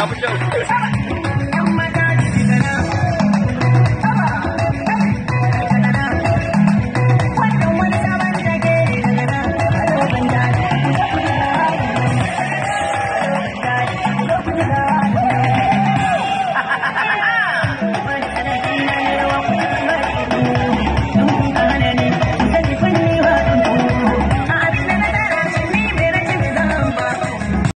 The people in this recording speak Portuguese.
Goiaba de